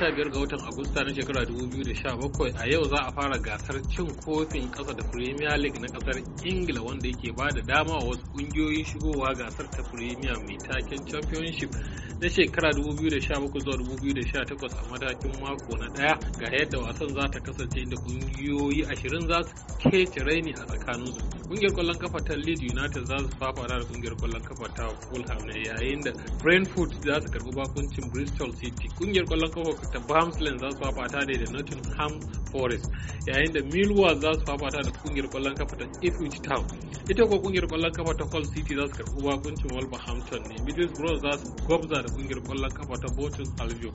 15 ga watan Agusta na shekara 2017 a yau za a fara gasar cin kofin kasa da Premier League na kasar Ingila wanda yake ba da dama wa wasu kungiyoyin shigowa gasar ta Premier mai taken Championship na shekara 2017 zuwa 2018 a matakin mako na daya ga yadda wasan za ta kasance inda kungiyoyi 20 za su kece raini a tsakanin su. kungiyar kwallon kafa ta leeds united za su fafara da kungiyar kwallon kafa ta fulham ne yayin da brentford za su karbi bakuncin bristol city kungiyar kwallon kafa ta bramsland za su fafata ne da nottingham forest yayin da millwall za su fafata da kungiyar kwallon kafa ta ipswich town ita kuwa kungiyar kwallon kafa ta hull city za su karbi bakuncin wolverhampton ne middlesbrough za su gwabza da kungiyar kwallon kafa ta bolton albion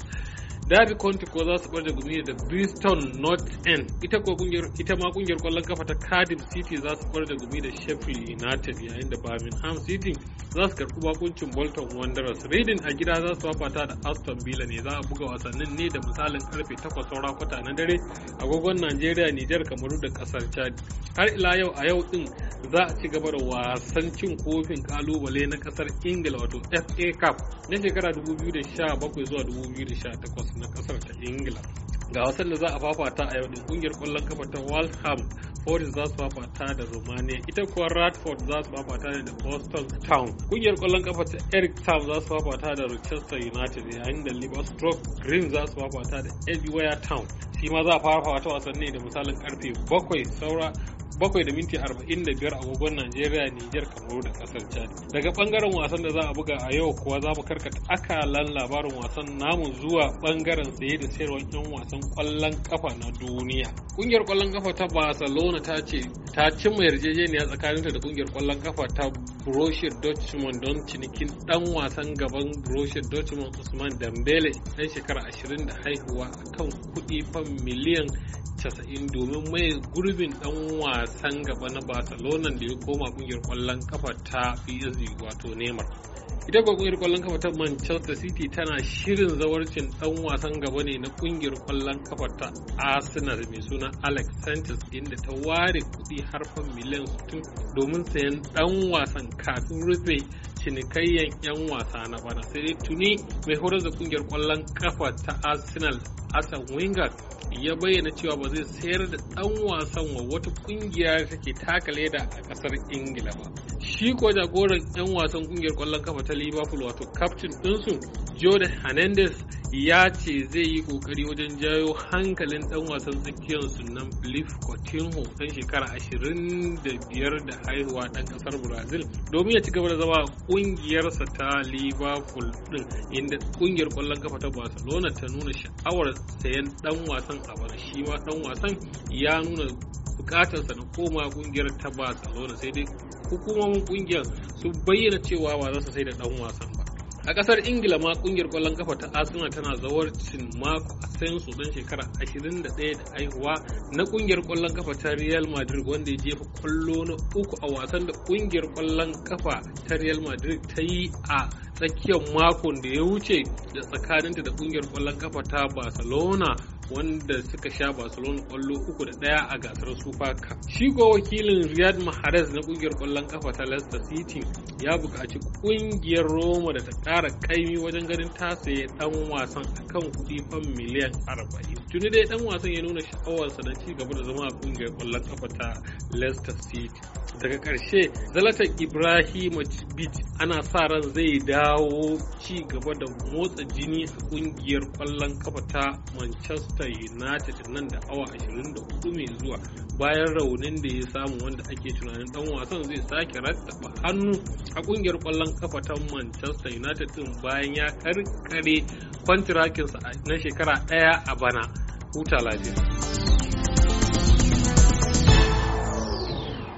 Derby County ko za su barje gumi da Bristol North End ita ko kungiyar ita ma kungiyar kwallon kafa ta Cardiff City za su barje azumi da Sheffield United yayin da Birmingham City za su karɓi bakuncin Bolton Wanderers. Reading a gida za su wafata da Aston Villa ne za a buga wasannin ne da misalin karfe 8 saura kwata na dare agogon Najeriya, Nijar, Kamaru da kasar Chad. Har ila yau a yau din za a ci gaba da wasan cin kofin kalubale na kasar Ingila wato FA Cup na shekara 2017 zuwa 2018 na kasar ta Ingila. Ga wasan da za a fafata a yau din kungiyar kwallon kafa ta Waltham Polis za su fafata da Romania, ita kuwa Radford za su fafata da Boston Town. Kungiyar kwallon kafa ta Eric Tam za su fafata da Rochester United yayin da Liverpool Green za su fafata da Edgeware Town. Shi ma za a fara fafata wasanni da misalin karfe bakwai saura bakwai da minti arba'in da biyar agogon Najeriya, Nijar, Kamaru da kasar Chad. Daga bangaren wasan da za a buga a yau kuwa za mu karkata akalan labarin wasan namu zuwa bangaren saye da sayarwar 'yan wasan kwallon kafa na duniya. Kungiyar kwallon kafa ta Barcelona ta ce ta cimma yarjejeniya tsakaninta da kungiyar kwallon kafa ta Borussia Dortmund don cinikin dan wasan gaban Borussia Dortmund Usman Dembele dan shekara 20 da haihuwa kan kuɗi fan miliyan 90 domin mai gurbin dan wasan gaba na Barcelona da ya koma kungiyar kwallon kafa ta PSG wato Neymar. ita gwagwayar kwallon kafa ta manchester city tana shirin zawarcin dan wasan gaba ne na kungiyar kwallon kafa ta arsenal mai suna alex sanchez inda ta ware kudi harfan miliyan 60 domin sayan dan wasan kafin rufe cinikayyar 'yan wasa na bana sai dai tuni mai horar da kungiyar kwallon kafa ta arsenal asan wenger ya bayyana cewa ba zai sayar da dan wasan wa wata kungiya take taka da a kasar ingila ba shi ko jagoran 'yan wasan kungiyar kwallon kafa ta liverpool wato captain ɗinsu jordan hernandez ya ce zai yi kokari wajen jayo hankalin dan wasan tsakiyar sunan Philip Coutinho dan shekara 25 da haihuwa dan kasar Brazil domin ya ci gaba da zama kungiyarsa ta Liverpool din inda kungiyar kwallon kafa ta Barcelona ta nuna sha'awar sayan dan wasan a bana shi ma dan wasan ya nuna bukatar sa na koma kungiyar ta barcelona sai dai hukumomin kungiyar su bayyana cewa ba za su sai da dan wasan ba a kasar ingila ma kungiyar kwallon kafa ta arsenal tana zawarcin sayan asensu dan shekara 21 da aihuwa na kungiyar kwallon kafa ta real madrid wanda ya jefa kwallo na uku a wasan da kungiyar kwallon kafa ta real madrid ta yi a tsakiyar makon da ya wuce da tsakaninta da kungiyar kwallon kafa ta barcelona wanda suka sha barcelona kwallo uku da daya a gasar super cup shi ko wakilin riyad mahrez na kungiyar kwallon kafa ta leicester city ya buƙaci kungiyar roma da ta ƙara kaimi wajen ganin ta saye dan wasan akan kuɗi fan miliyan 40 tuni dai dan wasan ya nuna sha'awarsa na ci gaba da zama a kungiyar kwallon kafa ta leicester city daga ƙarshe zalatan ibrahimovic ana sa ran zai da kawo ci gaba da motsa jini a kungiyar kwallon kafa ta manchester united nan da awa 24 mai zuwa bayan raunin da ya samu wanda ake tunanin dan wasan zai sake rattaba hannu a kungiyar kwallon kafa ta manchester united din bayan ya karkare kwantirakinsa na shekara daya a bana huta lafiya